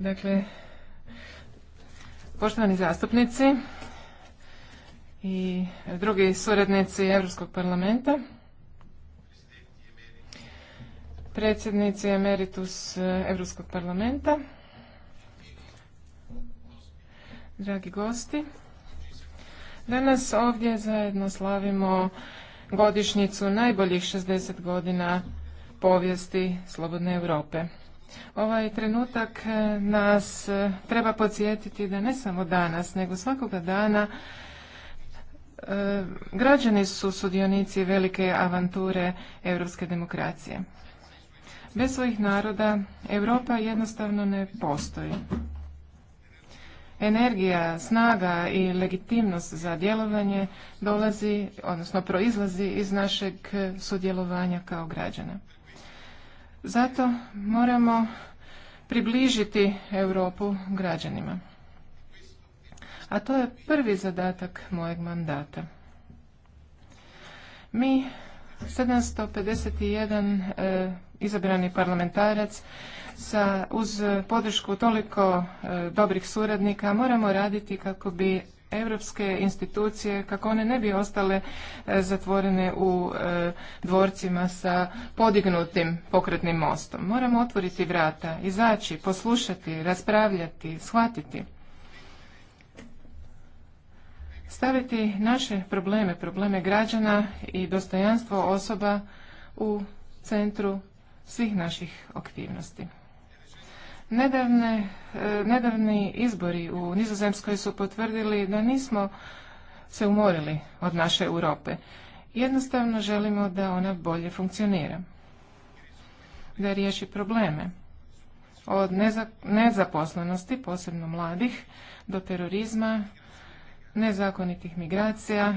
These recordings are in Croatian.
Dakle, poštovani zastupnici i drugi suradnici Europskog parlamenta, predsjednici emeritus Europskog parlamenta, dragi gosti. Danas ovdje zajedno slavimo godišnjicu najboljih 60 godina povijesti Slobodne Europe. Ovaj trenutak eh, nas eh, treba podsjetiti da ne samo danas, nego svakoga dana eh, građani su sudionici velike avanture europske demokracije. Bez svojih naroda Europa jednostavno ne postoji. Energija, snaga i legitimnost za djelovanje dolazi, odnosno proizlazi iz našeg sudjelovanja kao građana. Zato moramo približiti Europu građanima. A to je prvi zadatak mojeg mandata. Mi 751 e, izabrani parlamentarac sa, uz podršku toliko e, dobrih suradnika moramo raditi kako bi europske institucije kako one ne bi ostale e, zatvorene u e, dvorcima sa podignutim pokretnim mostom. Moramo otvoriti vrata, izaći, poslušati, raspravljati, shvatiti. Staviti naše probleme, probleme građana i dostojanstvo osoba u centru svih naših aktivnosti. Eh, nedavni izbori u Nizozemskoj su potvrdili da nismo se umorili od naše Europe. Jednostavno želimo da ona bolje funkcionira, da riješi probleme od nezaposlenosti, posebno mladih, do terorizma, nezakonitih migracija,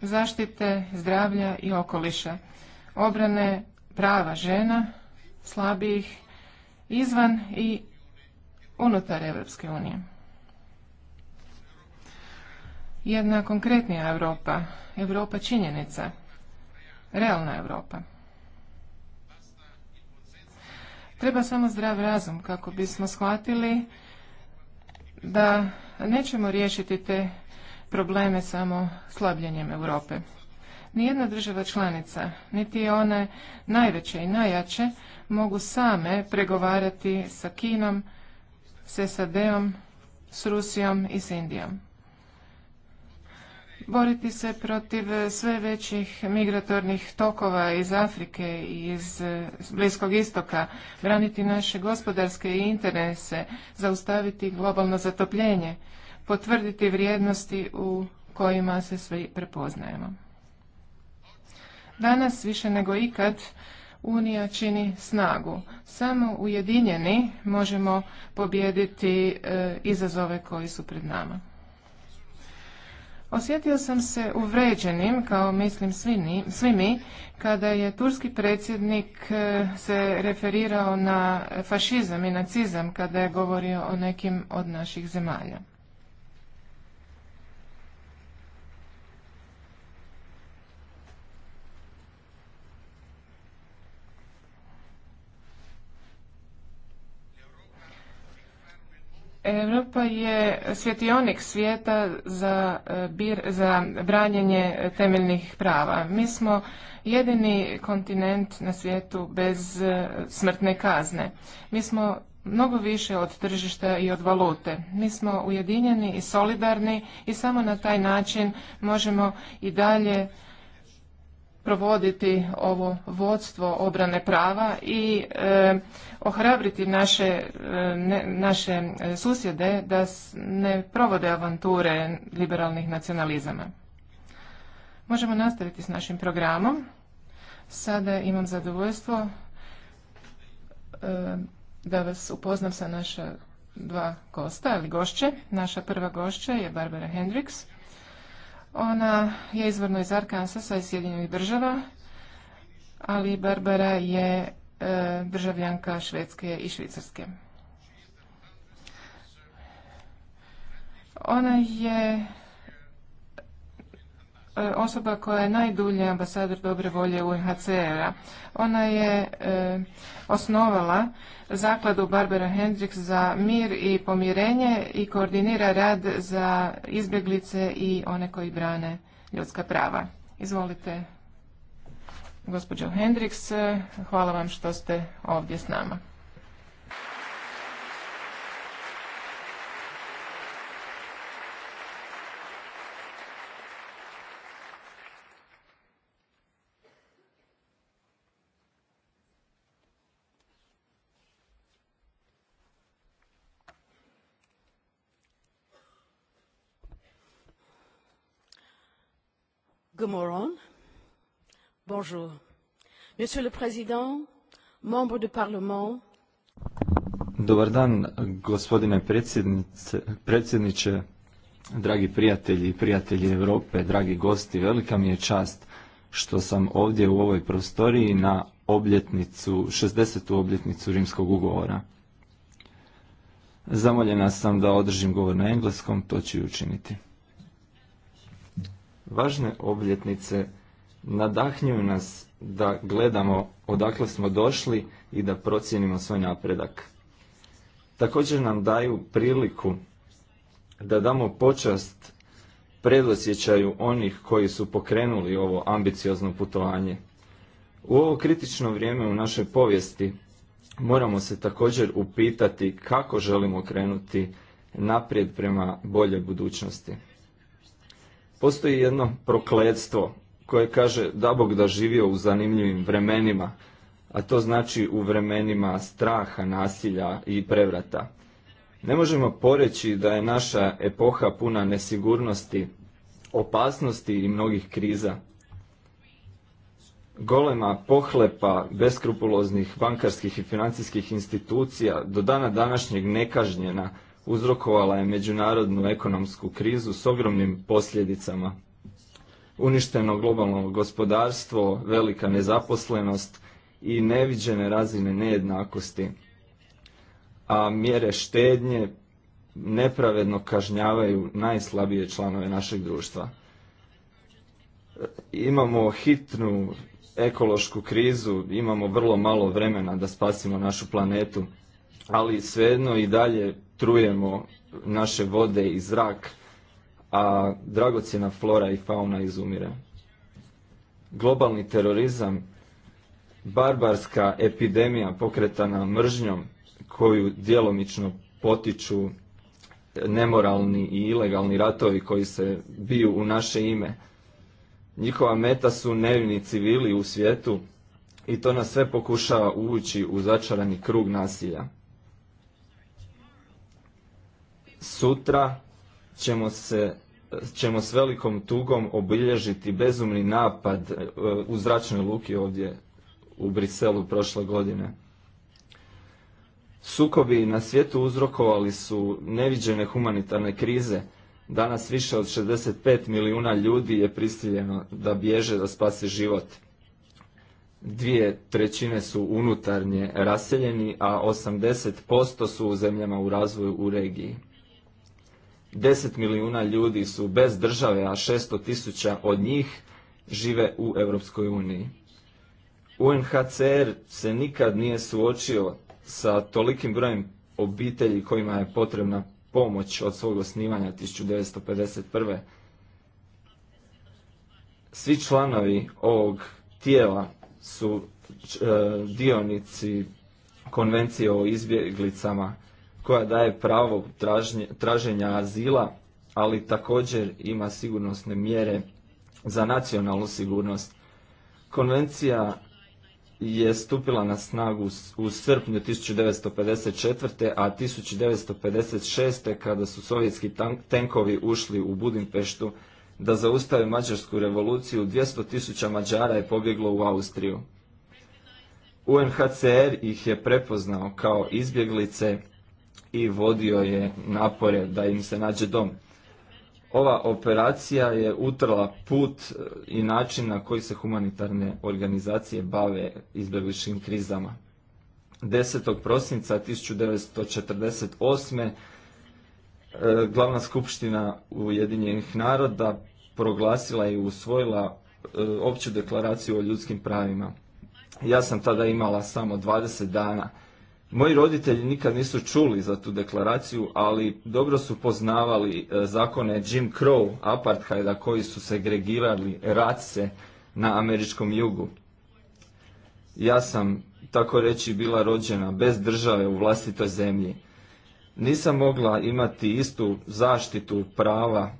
zaštite zdravlja i okoliša, obrane prava žena, slabijih izvan i unutar Europske unije. Jedna konkretnija Europa, Europa činjenica, realna Europa. Treba samo zdrav razum kako bismo shvatili da nećemo riješiti te probleme samo slabljenjem Europe. Nijedna država članica, niti one najveće i najjače, mogu same pregovarati sa Kinom, s SAD-om, s Rusijom i s Indijom. Boriti se protiv sve većih migratornih tokova iz Afrike i iz Bliskog istoka, braniti naše gospodarske interese, zaustaviti globalno zatopljenje, potvrditi vrijednosti u kojima se svi prepoznajemo. Danas više nego ikad Unija čini snagu. Samo ujedinjeni možemo pobijediti e, izazove koji su pred nama. Osjetio sam se uvređenim, kao mislim svi, svi mi, kada je turski predsjednik e, se referirao na fašizam i nacizam kada je govorio o nekim od naših zemalja. Europa je svjetionik svijeta za, e, bir, za branjenje temeljnih prava. Mi smo jedini kontinent na svijetu bez e, smrtne kazne. Mi smo mnogo više od tržišta i od valute. Mi smo ujedinjeni i solidarni i samo na taj način možemo i dalje provoditi ovo vodstvo obrane prava i e, ohrabriti naše, e, naše e, susjede da ne provode avanture liberalnih nacionalizama. Možemo nastaviti s našim programom. Sada imam zadovoljstvo da vas upoznam sa naša dva gosta ili gošće. Naša prva gošća je Barbara Hendriks ona je izvorno iz Arkansasa i Sjedinjenih država, ali Barbara je e, državljanka Švedske i Švicarske. Ona je E, osoba koja je najdulje ambasador dobre volje UNHCR-a. Ona je e, osnovala zakladu Barbara Hendricks za mir i pomirenje i koordinira rad za izbjeglice i one koji brane ljudska prava. Izvolite, gospođo Hendricks, hvala vam što ste ovdje s nama. Bonjour. Monsieur le Président, du Parlement. Dobar dan, gospodine predsjedniče, dragi prijatelji i prijatelji Europe, dragi gosti, velika mi je čast što sam ovdje u ovoj prostoriji na obljetnicu, 60. obljetnicu Rimskog ugovora. Zamoljena sam da održim govor na engleskom, to ću i učiniti važne obljetnice nadahnjuju nas da gledamo odakle smo došli i da procijenimo svoj napredak. Također nam daju priliku da damo počast predosjećaju onih koji su pokrenuli ovo ambiciozno putovanje. U ovo kritično vrijeme u našoj povijesti moramo se također upitati kako želimo krenuti naprijed prema boljoj budućnosti. Postoji jedno prokledstvo koje kaže da Bog da živio u zanimljivim vremenima, a to znači u vremenima straha, nasilja i prevrata. Ne možemo poreći da je naša epoha puna nesigurnosti, opasnosti i mnogih kriza. Golema pohlepa beskrupuloznih bankarskih i financijskih institucija do dana današnjeg nekažnjena uzrokovala je međunarodnu ekonomsku krizu s ogromnim posljedicama. Uništeno globalno gospodarstvo, velika nezaposlenost i neviđene razine nejednakosti. A mjere štednje nepravedno kažnjavaju najslabije članove našeg društva. Imamo hitnu ekološku krizu, imamo vrlo malo vremena da spasimo našu planetu, ali svejedno i dalje trujemo naše vode i zrak, a dragocjena flora i fauna izumire. Globalni terorizam, barbarska epidemija pokretana mržnjom koju djelomično potiču nemoralni i ilegalni ratovi koji se biju u naše ime. Njihova meta su nevini civili u svijetu i to nas sve pokušava uvući u začarani krug nasilja. Sutra ćemo se ćemo s velikom tugom obilježiti bezumni napad e, u zračnoj luki ovdje u Briselu prošle godine. Sukobi na svijetu uzrokovali su neviđene humanitarne krize. Danas više od 65 milijuna ljudi je prisiljeno da bježe da spase život. Dvije trećine su unutarnje raseljeni, a 80% su u zemljama u razvoju u regiji. 10 milijuna ljudi su bez države, a 600 tisuća od njih žive u Europskoj uniji. UNHCR se nikad nije suočio sa tolikim brojem obitelji kojima je potrebna pomoć od svog osnivanja 1951. Svi članovi ovog tijela su e, dionici konvencije o izbjeglicama koja daje pravo traženja azila, ali također ima sigurnosne mjere za nacionalnu sigurnost. Konvencija je stupila na snagu u srpnju 1954. a 1956. kada su sovjetski tenkovi ušli u Budimpeštu da zaustave mađarsku revoluciju, 200.000 tisuća Mađara je pobjeglo u Austriju. UNHCR ih je prepoznao kao izbjeglice i vodio je napore da im se nađe dom. Ova operacija je utrla put e, i način na koji se humanitarne organizacije bave izbjegličkim krizama. 10. prosinca 1948. E, glavna skupština Ujedinjenih naroda proglasila i usvojila e, opću deklaraciju o ljudskim pravima. Ja sam tada imala samo 20 dana Moji roditelji nikad nisu čuli za tu deklaraciju, ali dobro su poznavali e, zakone Jim Crow, apartheida, koji su segregirali race na američkom jugu. Ja sam, tako reći, bila rođena bez države u vlastitoj zemlji. Nisam mogla imati istu zaštitu prava,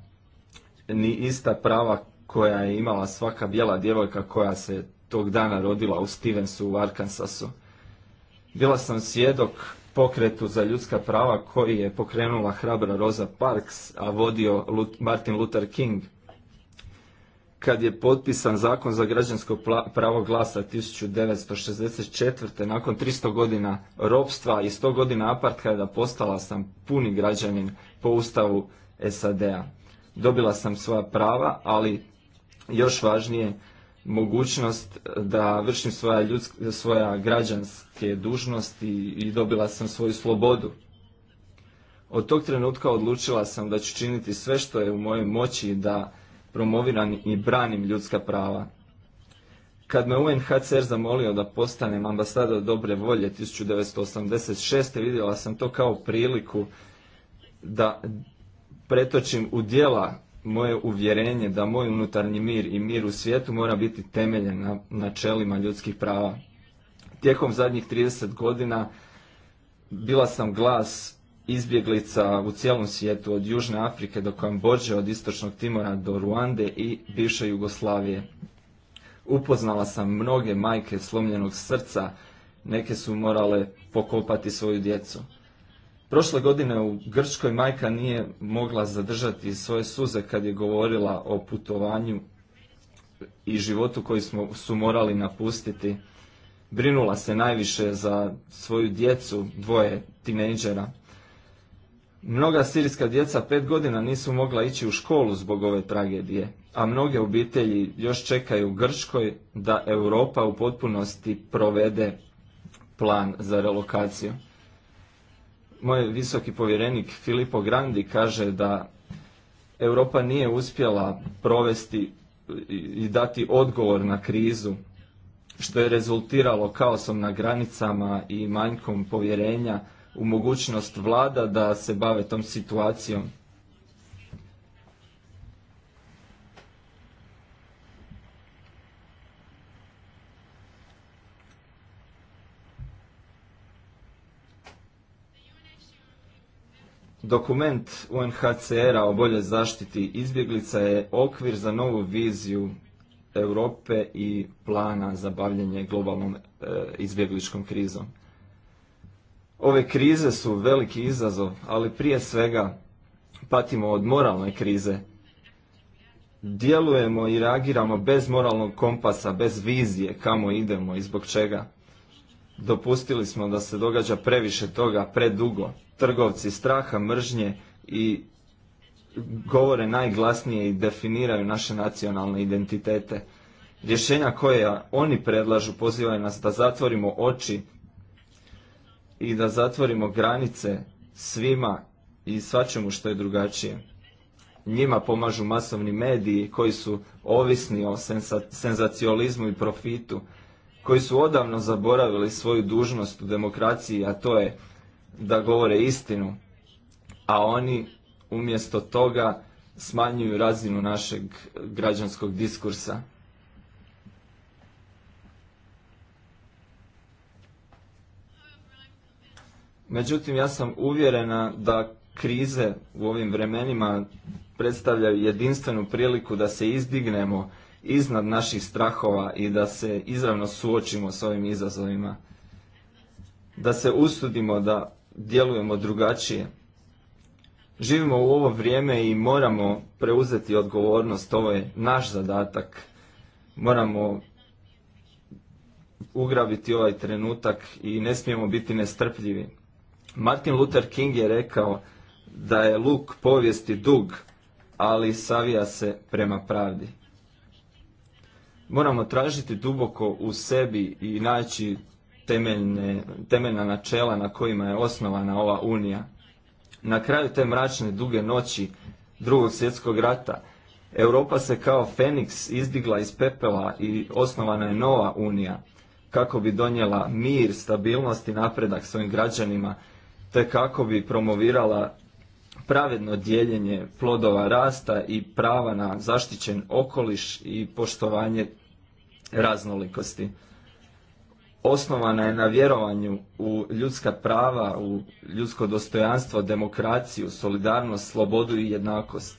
ni ista prava koja je imala svaka bijela djevojka koja se tog dana rodila u Stevensu u Arkansasu. Bila sam svjedok pokretu za ljudska prava koji je pokrenula hrabra Rosa Parks, a vodio Martin Luther King. Kad je potpisan zakon za građansko pravo glasa 1964. nakon 300 godina ropstva i 100 godina apartheida postala sam puni građanin po ustavu SAD-a. Dobila sam svoja prava, ali još važnije mogućnost da vršim svoja, svoja građanske dužnosti i dobila sam svoju slobodu. Od tog trenutka odlučila sam da ću činiti sve što je u mojoj moći da promoviram i branim ljudska prava. Kad me UNHCR zamolio da postanem ambasador dobre volje 1986. vidjela sam to kao priliku da pretočim u dijela moje uvjerenje da moj unutarnji mir i mir u svijetu mora biti temeljen na načelima ljudskih prava. Tijekom zadnjih 30 godina bila sam glas izbjeglica u cijelom svijetu, od Južne Afrike do Kambođe, od Istočnog Timora do Ruande i bivše Jugoslavije. Upoznala sam mnoge majke slomljenog srca, neke su morale pokopati svoju djecu. Prošle godine u Grčkoj majka nije mogla zadržati svoje suze kad je govorila o putovanju i životu koji smo, su morali napustiti. Brinula se najviše za svoju djecu, dvoje tinejdžera. Mnoga sirijska djeca pet godina nisu mogla ići u školu zbog ove tragedije, a mnoge obitelji još čekaju u Grčkoj da Europa u potpunosti provede plan za relokaciju moj visoki povjerenik Filippo Grandi kaže da Europa nije uspjela provesti i dati odgovor na krizu, što je rezultiralo kaosom na granicama i manjkom povjerenja u mogućnost vlada da se bave tom situacijom. Dokument UNHCR-a o bolje zaštiti izbjeglica je okvir za novu viziju Europe i plana za bavljenje globalnom eh, izbjegličkom krizom. Ove krize su veliki izazov, ali prije svega patimo od moralne krize. Djelujemo i reagiramo bez moralnog kompasa, bez vizije kamo idemo i zbog čega. Dopustili smo da se događa previše toga, predugo. Trgovci straha, mržnje i govore najglasnije i definiraju naše nacionalne identitete. Rješenja koja oni predlažu pozivaju nas da zatvorimo oči i da zatvorimo granice svima i svačemu što je drugačije. Njima pomažu masovni mediji koji su ovisni o senzacionalizmu i profitu koji su odavno zaboravili svoju dužnost u demokraciji, a to je da govore istinu, a oni umjesto toga smanjuju razinu našeg građanskog diskursa. Međutim, ja sam uvjerena da krize u ovim vremenima predstavljaju jedinstvenu priliku da se izdignemo iznad naših strahova i da se izravno suočimo s ovim izazovima. Da se usudimo da djelujemo drugačije. Živimo u ovo vrijeme i moramo preuzeti odgovornost, ovo je naš zadatak. Moramo ugrabiti ovaj trenutak i ne smijemo biti nestrpljivi. Martin Luther King je rekao da je luk povijesti dug, ali savija se prema pravdi. Moramo tražiti duboko u sebi i naći temeljne, temeljna načela na kojima je osnovana ova unija. Na kraju te mračne duge noći drugog svjetskog rata Europa se kao Feniks izdigla iz pepela i osnovana je nova unija kako bi donijela mir, stabilnost i napredak svojim građanima te kako bi promovirala pravedno dijeljenje plodova rasta i prava na zaštićen okoliš i poštovanje raznolikosti. Osnovana je na vjerovanju u ljudska prava, u ljudsko dostojanstvo, demokraciju, solidarnost, slobodu i jednakost.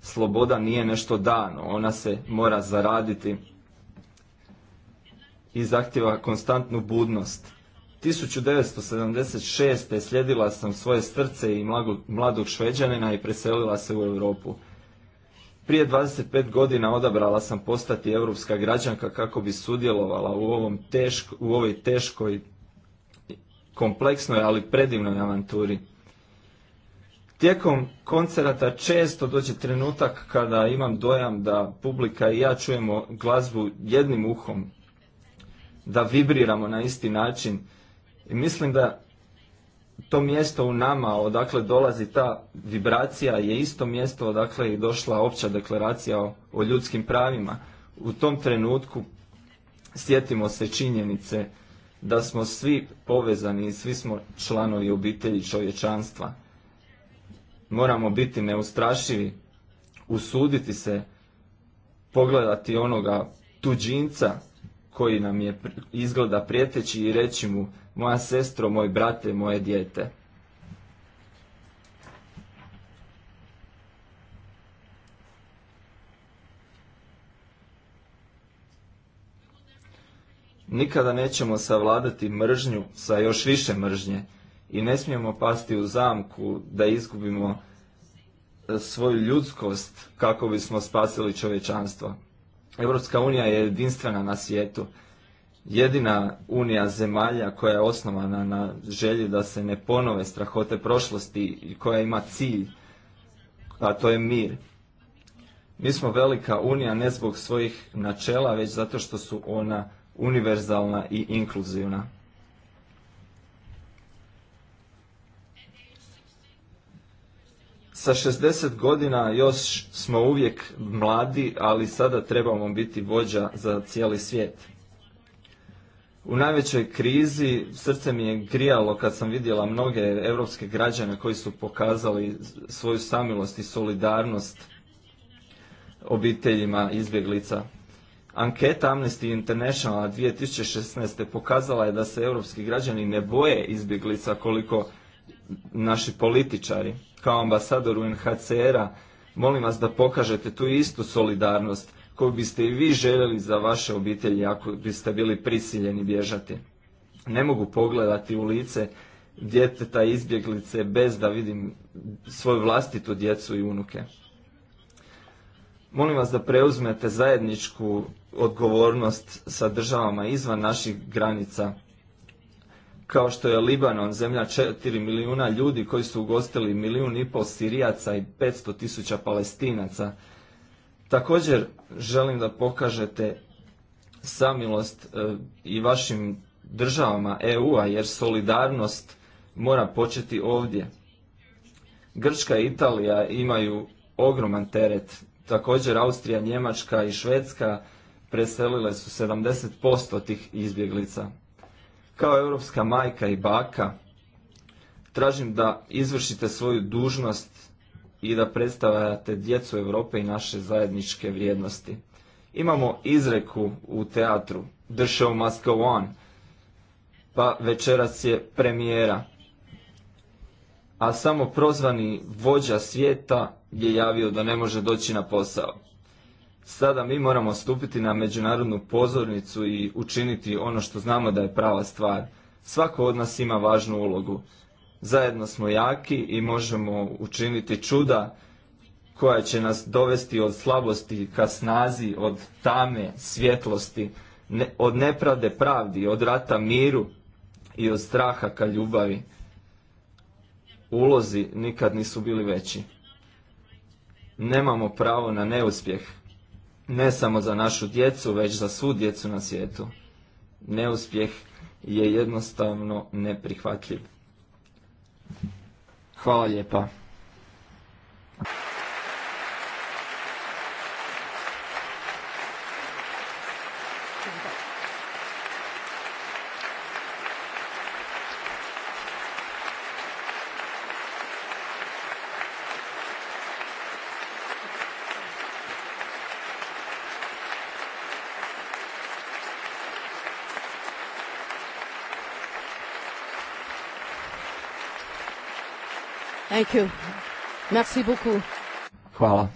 Sloboda nije nešto dano, ona se mora zaraditi i zahtjeva konstantnu budnost. 1976. slijedila sam svoje srce i mladog šveđanina i preselila se u Europu. Prije 25 godina odabrala sam postati europska građanka kako bi sudjelovala u, ovom u ovoj teškoj, kompleksnoj, ali predivnoj avanturi. Tijekom koncerata često dođe trenutak kada imam dojam da publika i ja čujemo glazbu jednim uhom, da vibriramo na isti način. I mislim da to mjesto u nama odakle dolazi ta vibracija je isto mjesto odakle je došla opća deklaracija o, o ljudskim pravima. U tom trenutku sjetimo se činjenice da smo svi povezani i svi smo članovi obitelji čovječanstva. Moramo biti neustrašivi, usuditi se, pogledati onoga tuđinca koji nam je izgleda prijeteći i reći mu moja sestro, moj brate, moje dijete. Nikada nećemo savladati mržnju sa još više mržnje i ne smijemo pasti u zamku da izgubimo e, svoju ljudskost kako bismo spasili čovječanstvo. Europska unija je jedinstvena na svijetu. Jedina unija zemalja koja je osnovana na želji da se ne ponove strahote prošlosti i koja ima cilj, a to je mir. Mi smo velika unija ne zbog svojih načela, već zato što su ona univerzalna i inkluzivna. sa 60 godina još smo uvijek mladi, ali sada trebamo biti vođa za cijeli svijet. U najvećoj krizi srce mi je grijalo kad sam vidjela mnoge europske građane koji su pokazali svoju samilost i solidarnost obiteljima izbjeglica. Anketa Amnesty International 2016. pokazala je da se europski građani ne boje izbjeglica koliko naši političari. Kao ambasador UNHCR-a molim vas da pokažete tu istu solidarnost koju biste i vi željeli za vaše obitelji ako biste bili prisiljeni bježati. Ne mogu pogledati u lice djeteta izbjeglice bez da vidim svoju vlastitu djecu i unuke. Molim vas da preuzmete zajedničku odgovornost sa državama izvan naših granica kao što je Libanon, zemlja 4 milijuna ljudi koji su ugostili milijun i pol Sirijaca i 500 tisuća Palestinaca. Također želim da pokažete samilost e, i vašim državama EU-a jer solidarnost mora početi ovdje. Grčka i Italija imaju ogroman teret. Također Austrija, Njemačka i Švedska preselile su 70% tih izbjeglica. Kao europska majka i baka tražim da izvršite svoju dužnost i da predstavljate djecu Europe i naše zajedničke vrijednosti. Imamo izreku u teatru The show must go on. Pa večeras je premijera. A samo prozvani vođa svijeta je javio da ne može doći na posao. Sada mi moramo stupiti na međunarodnu pozornicu i učiniti ono što znamo da je prava stvar. Svako od nas ima važnu ulogu. Zajedno smo jaki i možemo učiniti čuda koja će nas dovesti od slabosti ka snazi, od tame svjetlosti, od nepravde pravdi, od rata miru i od straha ka ljubavi. Ulozi nikad nisu bili veći. Nemamo pravo na neuspjeh ne samo za našu djecu, već za svu djecu na svijetu. Neuspjeh je jednostavno neprihvatljiv. Hvala lijepa. Thank Merci beaucoup. Hvala.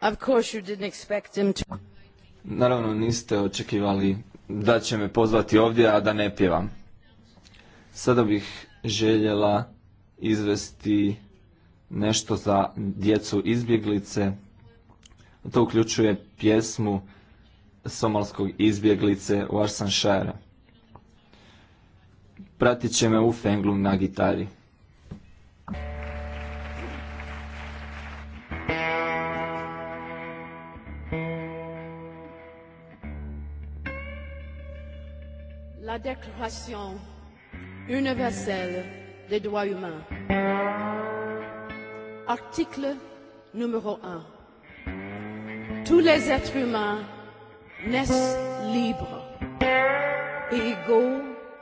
Of course you didn't expect him to... Naravno niste očekivali da će me pozvati ovdje, a da ne pjevam. Sada bih željela izvesti nešto za djecu izbjeglice. To uključuje pjesmu somalskog izbjeglice Warsan Shire. Pratit će me u Fenglu na gitari. La Déclaration universelle des droits humains. Article numéro 1. Tous les êtres humains naissent libres et égaux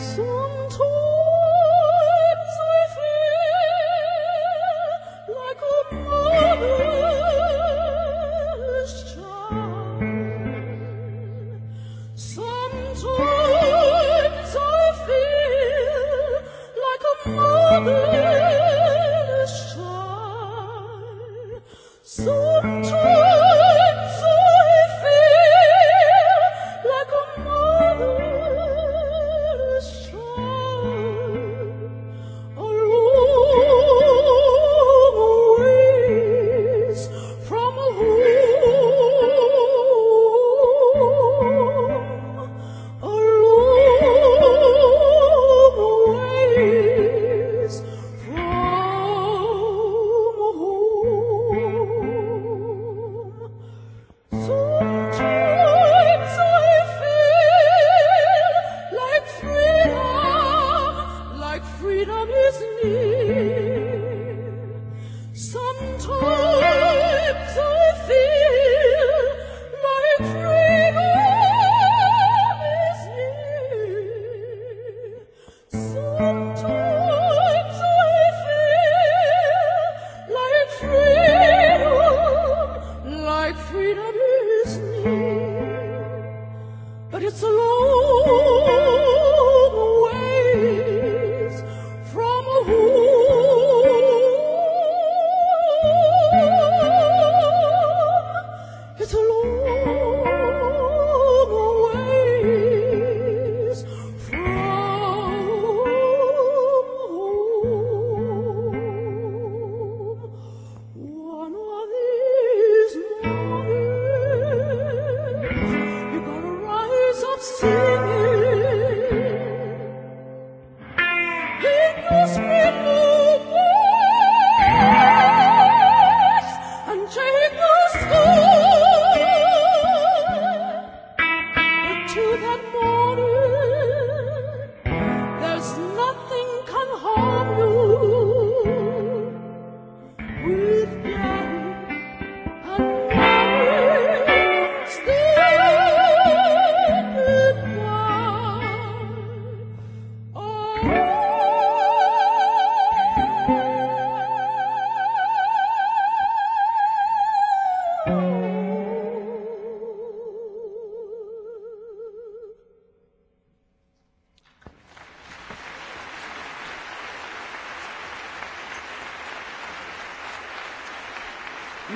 su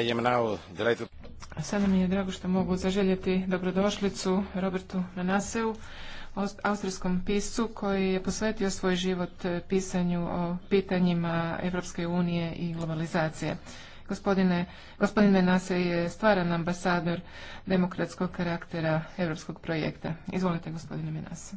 I Sada mi je drago što mogu zaželjeti dobrodošlicu Robertu Nanaseu, austrijskom piscu koji je posvetio svoj život e, pisanju o pitanjima Europske unije i globalizacije. Gospodine, gospodine je stvaran ambasador demokratskog karaktera europskog projekta. Izvolite, gospodine Menase.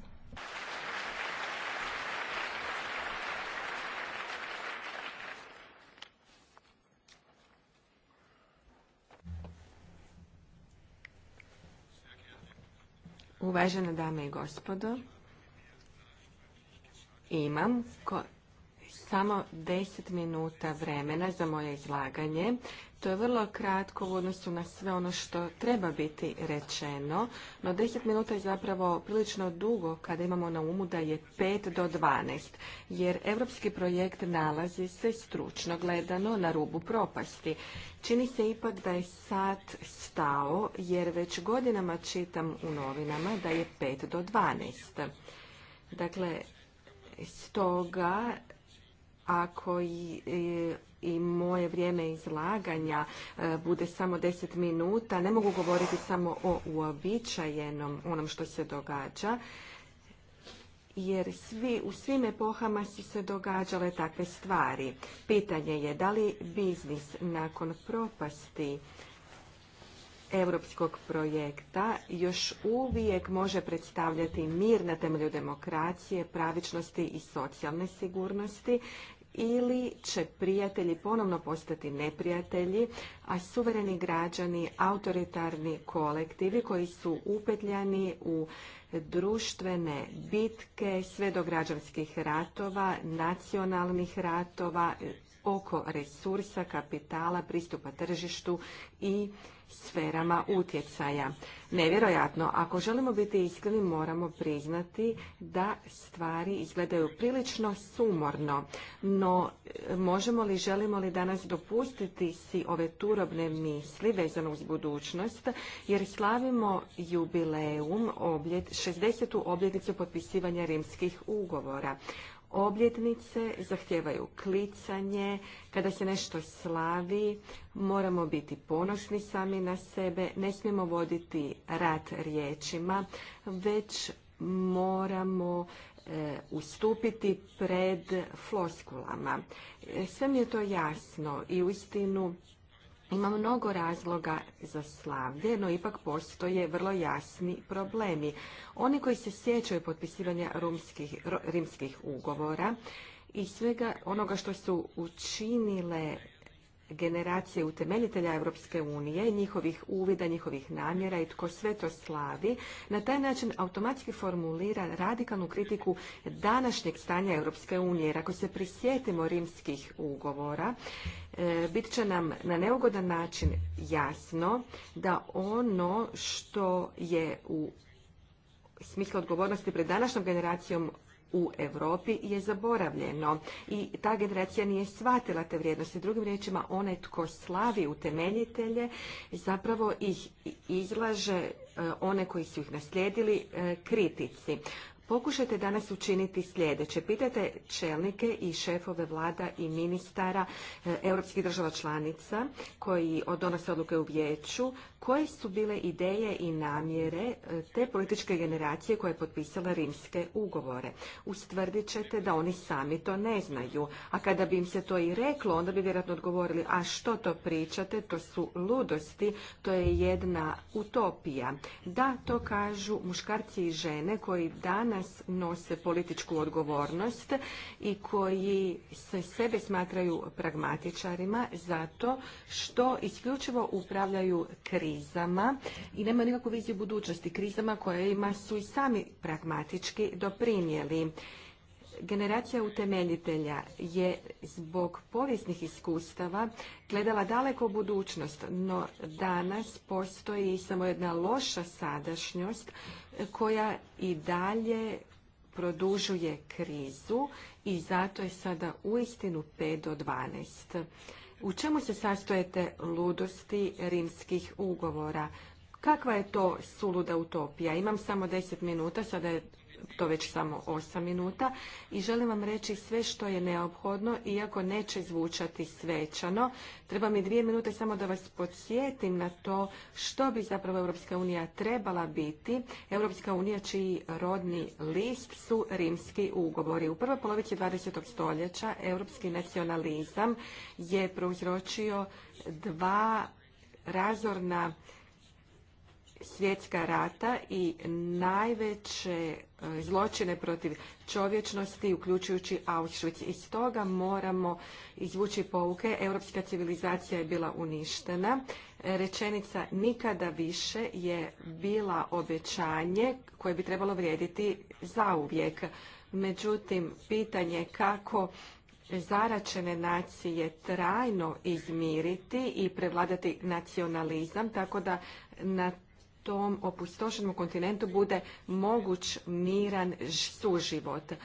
Uvažene dame i gospodo, imam samo 10 minuta vremena za moje izlaganje. To je vrlo kratko u odnosu na sve ono što treba biti rečeno, no 10 minuta je zapravo prilično dugo kada imamo na umu da je 5 do 12, jer evropski projekt nalazi se stručno gledano na rubu propasti. Čini se ipak da je sat stao, jer već godinama čitam u novinama da je 5 do 12. Dakle, stoga ako i, moje vrijeme izlaganja e, bude samo 10 minuta, ne mogu govoriti samo o uobičajenom onom što se događa, jer svi, u svim epohama su se događale takve stvari. Pitanje je da li biznis nakon propasti europskog projekta još uvijek može predstavljati mir na temelju demokracije, pravičnosti i socijalne sigurnosti ili će prijatelji ponovno postati neprijatelji, a suvereni građani, autoritarni kolektivi koji su upetljani u društvene bitke, sve do građanskih ratova, nacionalnih ratova, oko resursa, kapitala, pristupa tržištu i sferama utjecaja. Nevjerojatno, ako želimo biti iskreni, moramo priznati da stvari izgledaju prilično sumorno. No, možemo li, želimo li danas dopustiti si ove turobne misli vezano uz budućnost, jer slavimo jubileum, obljet, 60. obljetnicu potpisivanja rimskih ugovora obljetnice zahtijevaju klicanje, kada se nešto slavi moramo biti ponosni sami na sebe, ne smijemo voditi rat riječima, već moramo e, ustupiti pred floskulama. E, sve mi je to jasno i u istinu ima mnogo razloga za slavlje, no ipak postoje vrlo jasni problemi. Oni koji se sjećaju potpisivanja rimskih ugovora i svega onoga što su učinile generacije utemeljitelja Europske unije, njihovih uvida, njihovih namjera i tko sve to slavi, na taj način automatski formulira radikalnu kritiku današnjeg stanja Europske unije. Jer ako se prisjetimo rimskih ugovora, e, bit će nam na neugodan način jasno da ono što je u smislu odgovornosti pred današnjom generacijom u Europi je zaboravljeno i ta generacija nije shvatila te vrijednosti. Drugim riječima, onaj tko slavi utemeljitelje zapravo ih izlaže e, one koji su ih naslijedili e, kritici. Pokušajte danas učiniti sljedeće. Pitajte čelnike i šefove vlada i ministara e, europskih država članica koji donose odluke u vijeću koje su bile ideje i namjere e, te političke generacije koja je potpisala rimske ugovore. Ustvrdit ćete da oni sami to ne znaju, a kada bi im se to i reklo, onda bi vjerojatno odgovorili, a što to pričate, to su ludosti, to je jedna utopija. Da, to kažu muškarci i žene koji danas nose političku odgovornost i koji se sebe smatraju pragmatičarima zato što isključivo upravljaju krizom krizama i nema nikakvu viziju budućnosti krizama kojima su i sami pragmatički doprinijeli. Generacija utemeljitelja je zbog povijesnih iskustava gledala daleko budućnost, no danas postoji samo jedna loša sadašnjost koja i dalje produžuje krizu i zato je sada uistinu 5 do 12. U čemu se sastojete ludosti rimskih ugovora? Kakva je to suluda utopija? Imam samo deset minuta, sada je to već samo 8 minuta i želim vam reći sve što je neophodno, iako neće zvučati svečano. Treba mi dvije minute samo da vas podsjetim na to što bi zapravo Europska unija trebala biti. Europska unija čiji rodni list su rimski ugovori. U prvoj polovici 20. stoljeća europski nacionalizam je prouzročio dva razorna svjetska rata i najveće e, zločine protiv čovječnosti, uključujući Auschwitz. Iz toga moramo izvući pouke. Europska civilizacija je bila uništena. Rečenica nikada više je bila obećanje koje bi trebalo vrijediti zauvijek. Međutim, pitanje kako zaračene nacije trajno izmiriti i prevladati nacionalizam, tako da na tom opustošenom kontinentu bude moguć miran suživot. E,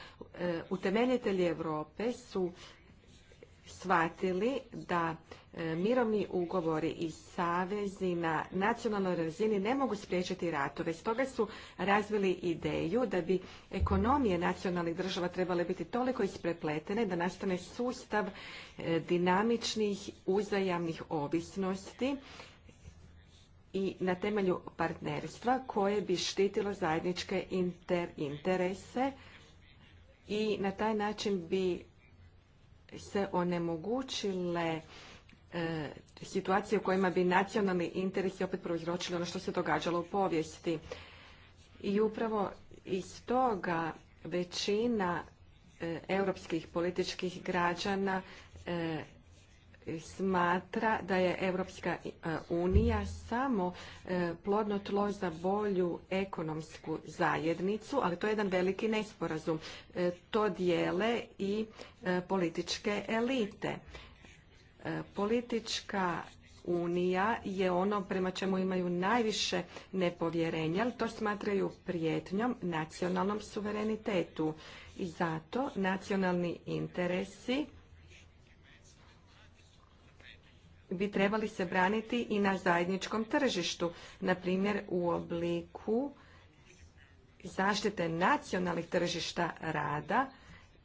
utemeljitelji Europe su shvatili da e, mirovni ugovori i savezi na nacionalnoj razini ne mogu spriječiti ratove. Stoga su razvili ideju da bi ekonomije nacionalnih država trebale biti toliko isprepletene da nastane sustav e, dinamičnih uzajamnih ovisnosti i na temelju partnerstva koje bi štitilo zajedničke inter interese i na taj način bi se onemogućile e, situacije u kojima bi nacionalni interesi opet prouzročili ono što se događalo u povijesti. I upravo iz toga većina e, europskih političkih građana e, smatra da je Europska e, unija samo e, plodno tlo za bolju ekonomsku zajednicu, ali to je jedan veliki nesporazum. E, to dijele i političke elite. Politička unija je ono prema čemu imaju najviše nepovjerenja, ali to smatraju prijetnjom nacionalnom suverenitetu. I zato nacionalni interesi bi trebali se braniti i na zajedničkom tržištu, na primjer u obliku zaštite nacionalnih tržišta rada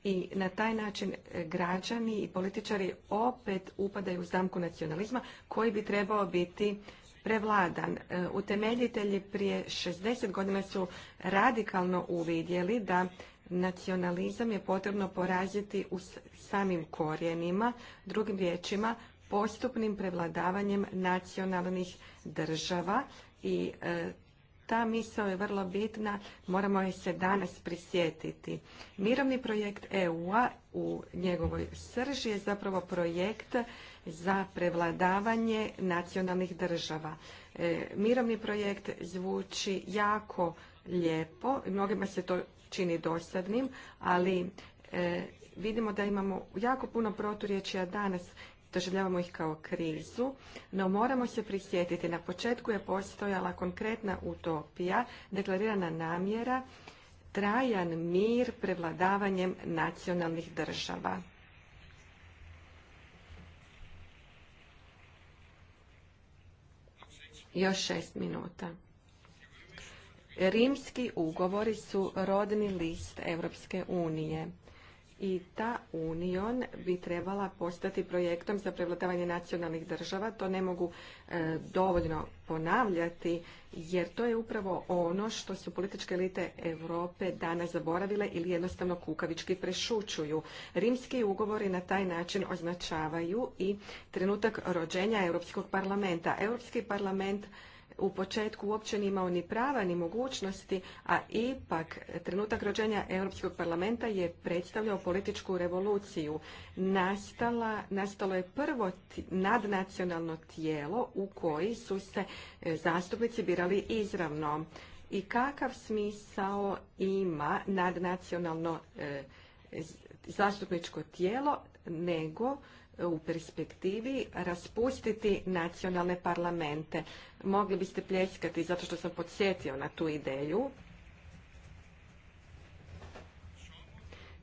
i na taj način građani i političari opet upadaju u zamku nacionalizma koji bi trebao biti prevladan. E, utemeljitelji prije 60 godina su radikalno uvidjeli da nacionalizam je potrebno poraziti u samim korijenima, drugim riječima postupnim prevladavanjem nacionalnih država i e, ta misao je vrlo bitna, moramo je se danas prisjetiti. Mirovni projekt EU-a u njegovoj srži je zapravo projekt za prevladavanje nacionalnih država. E, mirovni projekt zvuči jako lijepo, mnogima se to čini dosadnim, ali e, vidimo da imamo jako puno proturječja danas doživljavamo ih kao krizu, no moramo se prisjetiti. Na početku je postojala konkretna utopija, deklarirana namjera, trajan mir prevladavanjem nacionalnih država. Još šest minuta. Rimski ugovori su rodni list Europske unije i ta union bi trebala postati projektom za prevladavanje nacionalnih država. To ne mogu e, dovoljno ponavljati jer to je upravo ono što su političke elite Europe danas zaboravile ili jednostavno kukavički prešućuju. Rimski ugovori na taj način označavaju i trenutak rođenja Europskog parlamenta. Europski parlament u početku uopće ni imao ni prava ni mogućnosti, a ipak trenutak rođenja Europskog parlamenta je predstavljao političku revoluciju. Nastala, nastalo je prvo nadnacionalno tijelo u koji su se e, zastupnici birali izravno. I kakav smisao ima nadnacionalno e, zastupničko tijelo nego u perspektivi raspustiti nacionalne parlamente. Mogli biste pljeskati zato što sam podsjetio na tu ideju.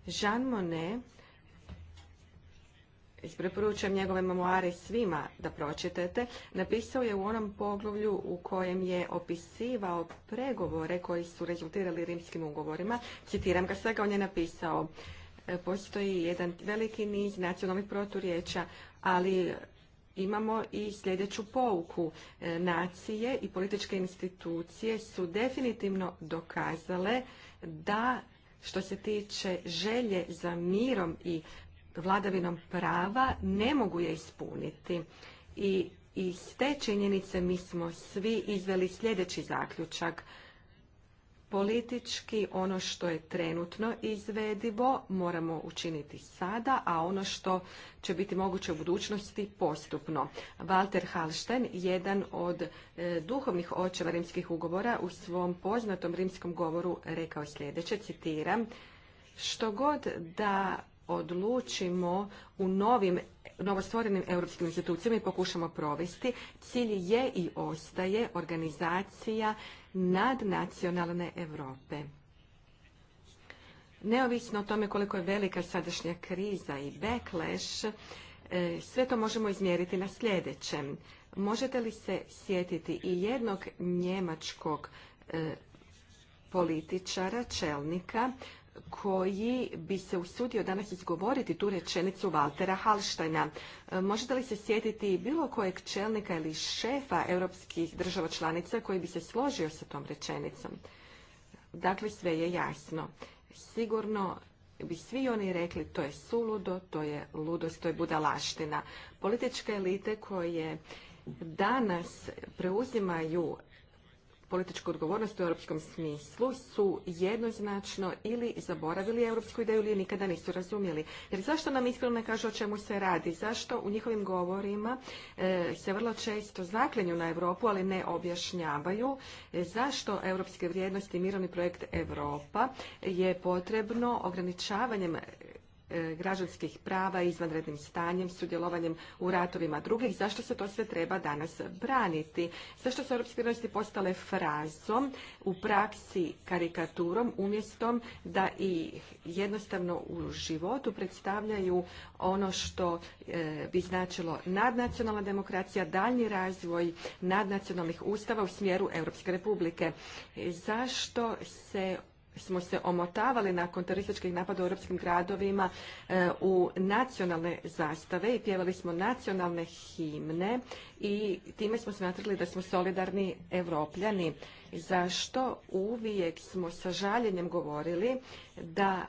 Jean Monnet preporučujem njegove memoare svima da pročitate, napisao je u onom poglavlju u kojem je opisivao pregovore koji su rezultirali rimskim ugovorima. Citiram ga svega, on je napisao E, postoji jedan veliki niz nacionalnih proturječa, ali imamo i sljedeću pouku. E, nacije i političke institucije su definitivno dokazale da što se tiče želje za mirom i vladavinom prava ne mogu je ispuniti. I iz te činjenice mi smo svi izveli sljedeći zaključak – Politički ono što je trenutno izvedivo moramo učiniti sada, a ono što će biti moguće u budućnosti postupno. Walter Hallstein, jedan od e, duhovnih očeva rimskih ugovora, u svom poznatom rimskom govoru rekao sljedeće, citiram, što god da odlučimo u novim novostvorenim europskim institucijama i pokušamo provesti, cilj je i ostaje organizacija nadnacionalne Europe. Neovisno o tome koliko je velika sadašnja kriza i backlash, e, sve to možemo izmjeriti na sljedećem. Možete li se sjetiti i jednog njemačkog e, političara, čelnika koji bi se usudio danas izgovoriti tu rečenicu Valtera Halštajna. E, možete li se sjetiti bilo kojeg čelnika ili šefa europskih država članica koji bi se složio sa tom rečenicom? Dakle, sve je jasno. Sigurno bi svi oni rekli to je suludo, to je ludost, to je budalaština. Političke elite koje danas preuzimaju političku odgovornost u europskom smislu su jednoznačno ili zaboravili europsku ideju ili nikada nisu razumjeli. Jer zašto nam iskreno ne kažu o čemu se radi? Zašto u njihovim govorima e, se vrlo često zaklinju na Europu, ali ne objašnjavaju e, zašto europske vrijednosti i mirovni projekt Europa je potrebno ograničavanjem E, građanskih prava, izvanrednim stanjem, sudjelovanjem u ratovima drugih. Zašto se to sve treba danas braniti? Zašto su europske vrijednosti postale frazom, u praksi karikaturom, umjesto da i jednostavno u životu predstavljaju ono što e, bi značilo nadnacionalna demokracija, daljnji razvoj nadnacionalnih ustava u smjeru Europske republike. Zašto se smo se omotavali nakon terorističkih napada u europskim gradovima e, u nacionalne zastave i pjevali smo nacionalne himne i time smo smatrali da smo solidarni evropljani. Zašto uvijek smo sa žaljenjem govorili da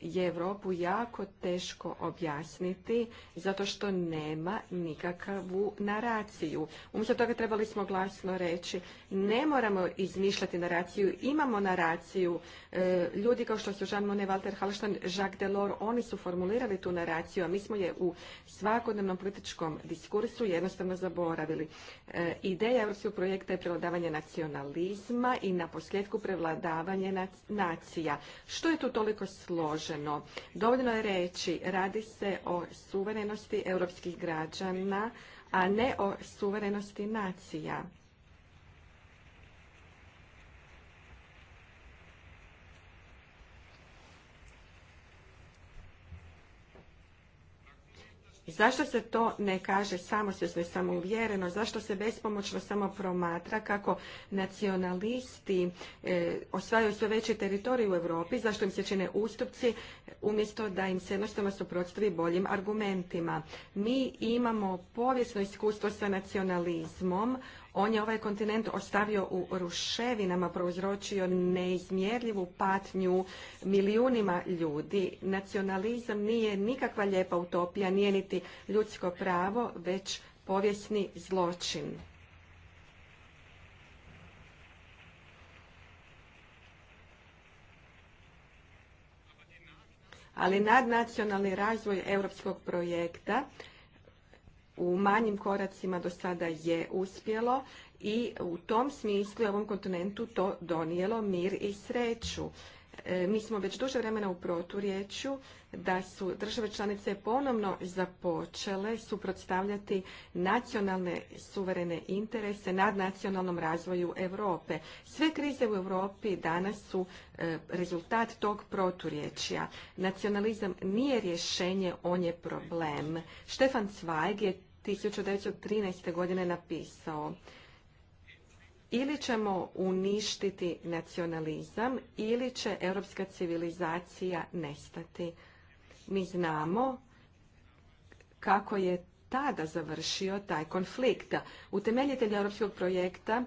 je Europu jako teško objasniti zato što nema nikakvu naraciju. Umjesto toga trebali smo glasno reći ne moramo izmišljati naraciju, imamo naraciju. E, ljudi kao što su Jean Monnet, Walter Hallstein, Jacques Delors, oni su formulirali tu naraciju, a mi smo je u svakodnevnom političkom diskursu jednostavno zaboravili. E, ideja europskog projekta je prevladavanje nacionalizma i na posljedku prevladavanje nacija. Što je tu toliko složeno? Dovoljno je reći, radi se o suverenosti europskih građana, a ne o suverenosti nacija. Zašto se to ne kaže samosvjesno i samouvjereno? Zašto se bespomoćno samo promatra kako nacionalisti e, osvajaju sve veće teritorije u Europi? Zašto im se čine ustupci umjesto da im se jednostavno suprotstavi boljim argumentima? Mi imamo povijesno iskustvo sa nacionalizmom. On je ovaj kontinent ostavio u ruševinama, prouzročio neizmjerljivu patnju milijunima ljudi. Nacionalizam nije nikakva lijepa utopija, nije niti ljudsko pravo, već povijesni zločin. ali nadnacionalni razvoj europskog projekta u manjim koracima do sada je uspjelo i u tom smislu je ovom kontinentu to donijelo mir i sreću. E, mi smo već duže vremena u proturječju da su države članice ponovno započele suprotstavljati nacionalne suverene interese nad nacionalnom razvoju Europe. Sve krize u Europi danas su e, rezultat tog proturječja. Nacionalizam nije rješenje, on je problem. Štefan Cvajg je 1913. godine napisao ili ćemo uništiti nacionalizam ili će europska civilizacija nestati. Mi znamo kako je tada završio taj konflikt. Utemeljitelj europskog projekta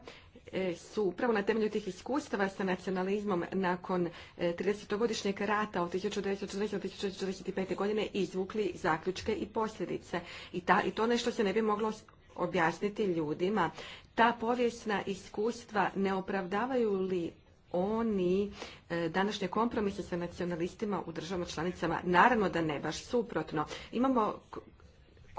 E, su upravo na temelju tih iskustava sa nacionalizmom nakon 30-godišnjeg e, rata od 1940-1945. godine izvukli zaključke i posljedice. I, I to nešto se ne bi moglo objasniti ljudima. Ta povijesna iskustva ne opravdavaju li oni e, današnje kompromise sa nacionalistima u državama članicama? Naravno da ne, baš suprotno. Imamo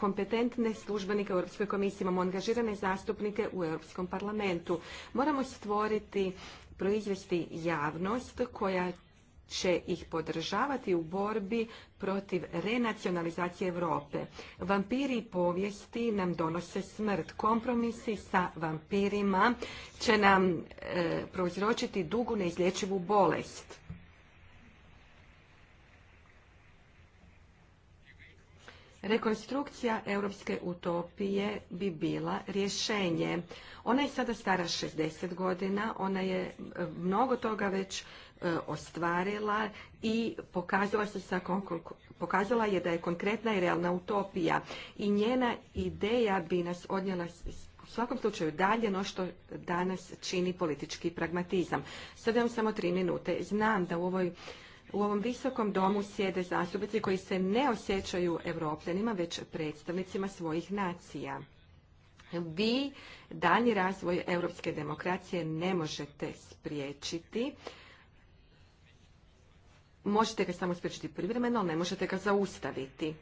kompetentne službenike u Europskoj komisiji, imamo angažirane zastupnike u Europskom parlamentu. Moramo stvoriti, proizvesti javnost koja će ih podržavati u borbi protiv renacionalizacije Europe. Vampiri povijesti nam donose smrt. Kompromisi sa vampirima će nam e, prouzročiti dugu neizlječivu bolest. Rekonstrukcija europske utopije bi bila rješenje. Ona je sada stara 60 godina, ona je e, mnogo toga već e, ostvarila i pokazala, se sa, pokazala je da je konkretna i realna utopija i njena ideja bi nas odnijela u svakom slučaju dalje no što danas čini politički pragmatizam. Sada imam samo tri minute. Znam da u ovoj u ovom visokom domu sjede zastupnici koji se ne osjećaju evropljanima, već predstavnicima svojih nacija. Vi dalji razvoj europske demokracije ne možete spriječiti. Možete ga samo spriječiti privremeno, ali ne možete ga zaustaviti.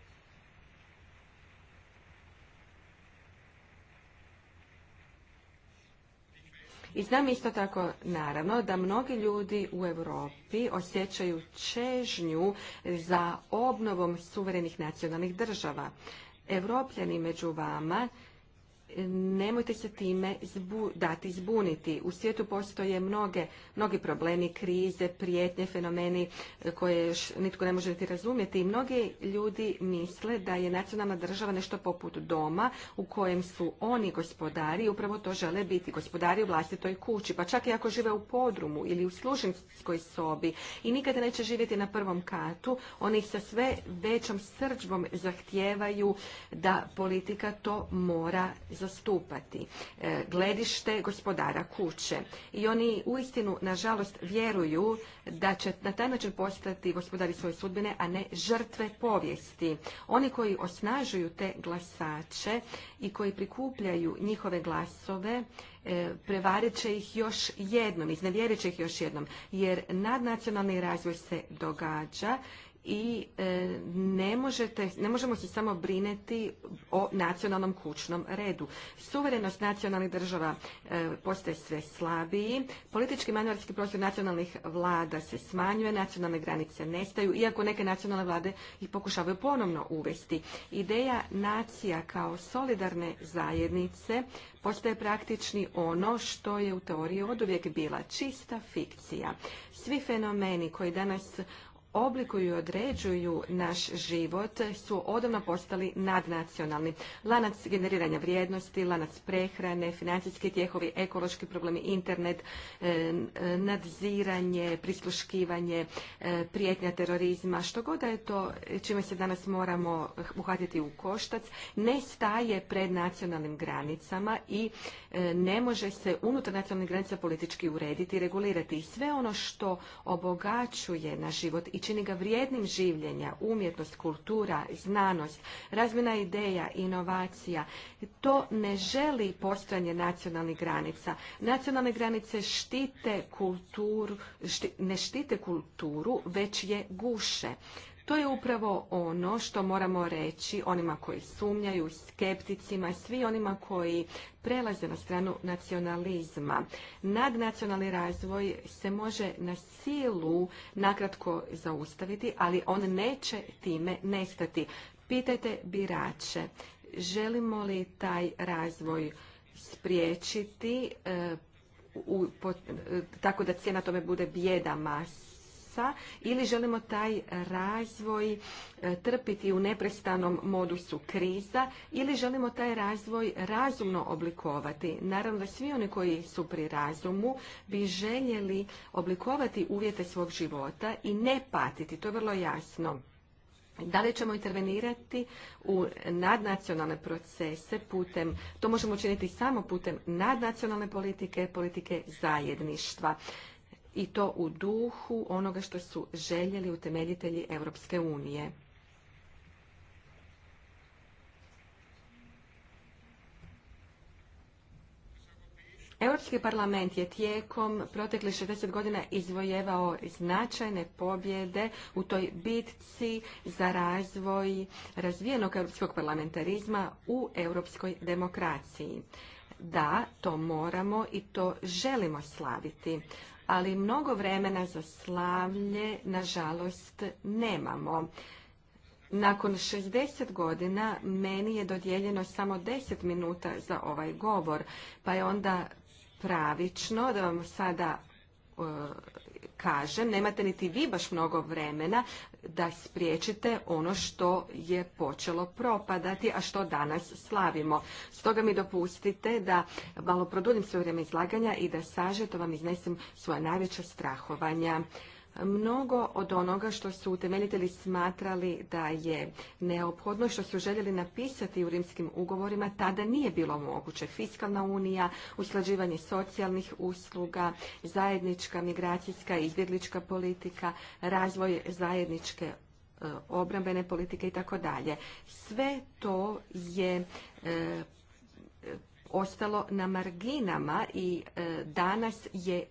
I znam isto tako, naravno, da mnogi ljudi u Europi osjećaju čežnju za obnovom suverenih nacionalnih država. Evropljani među vama nemojte se time dati zbuniti. U svijetu postoje mnoge, mnogi problemi, krize, prijetnje, fenomeni e, koje nitko ne može niti razumjeti. I mnogi ljudi misle da je nacionalna država nešto poput doma u kojem su oni gospodari i upravo to žele biti. Gospodari u vlastitoj kući, pa čak i ako žive u podrumu ili u služinskoj sobi i nikada neće živjeti na prvom katu, oni sa sve većom srđbom zahtijevaju da politika to mora zastupati. E, gledište gospodara kuće. I oni uistinu, nažalost, vjeruju da će na taj način postati gospodari svoje sudbine, a ne žrtve povijesti. Oni koji osnažuju te glasače i koji prikupljaju njihove glasove, e, prevarit će ih još jednom, iznevjerit će ih još jednom, jer nadnacionalni razvoj se događa i e, ne, možete, ne možemo se samo brineti o nacionalnom kućnom redu. Suverenost nacionalnih država e, postaje sve slabiji, politički manevarski prostor nacionalnih vlada se smanjuje, nacionalne granice nestaju, iako neke nacionalne vlade ih pokušavaju ponovno uvesti. Ideja nacija kao solidarne zajednice postaje praktični ono što je u teoriji oduvijek bila čista fikcija. Svi fenomeni koji danas oblikuju i određuju naš život su odavno postali nadnacionalni. Lanac generiranja vrijednosti, lanac prehrane, financijski tijekovi, ekološki problemi, internet, e, nadziranje, prisluškivanje, e, prijetnja terorizma, što god je to čime se danas moramo uhvatiti u koštac, ne staje pred nacionalnim granicama i e, ne može se unutar nacionalnih granica politički urediti i regulirati. Sve ono što obogaćuje naš život i i čini ga vrijednim življenja, umjetnost, kultura, znanost, razmjena ideja, inovacija. To ne želi postojanje nacionalnih granica. Nacionalne granice štite kulturu, ne štite kulturu, već je guše. To je upravo ono što moramo reći onima koji sumnjaju, skepticima, svi onima koji prelaze na stranu nacionalizma. Nadnacionalni razvoj se može na silu nakratko zaustaviti, ali on neće time nestati. Pitajte birače, želimo li taj razvoj spriječiti e, e, tako da cijena tome bude bijeda mas ili želimo taj razvoj e, trpiti u neprestanom modusu kriza ili želimo taj razvoj razumno oblikovati. Naravno da svi oni koji su pri razumu bi željeli oblikovati uvjete svog života i ne patiti, to je vrlo jasno. Da li ćemo intervenirati u nadnacionalne procese putem, to možemo učiniti samo putem nadnacionalne politike, politike zajedništva i to u duhu onoga što su željeli utemeljitelji Europske unije. Europski parlament je tijekom proteklih 60 godina izvojevao značajne pobjede u toj bitci za razvoj razvijenog europskog parlamentarizma u europskoj demokraciji. Da, to moramo i to želimo slaviti, ali mnogo vremena za slavlje, nažalost, nemamo. Nakon 60 godina meni je dodijeljeno samo 10 minuta za ovaj govor, pa je onda pravično da vam sada kažem, nemate niti vi baš mnogo vremena da spriječite ono što je počelo propadati, a što danas slavimo. Stoga mi dopustite da malo produljim svoje vrijeme izlaganja i da sažeto vam iznesem svoje najveća strahovanja. Mnogo od onoga što su utemeljitelji smatrali da je neophodno, što su željeli napisati u rimskim ugovorima, tada nije bilo moguće. Fiskalna unija, usklađivanje socijalnih usluga, zajednička migracijska i izbjeglička politika, razvoj zajedničke e, obrambene politike i tako dalje. Sve to je e, ostalo na marginama i e, danas je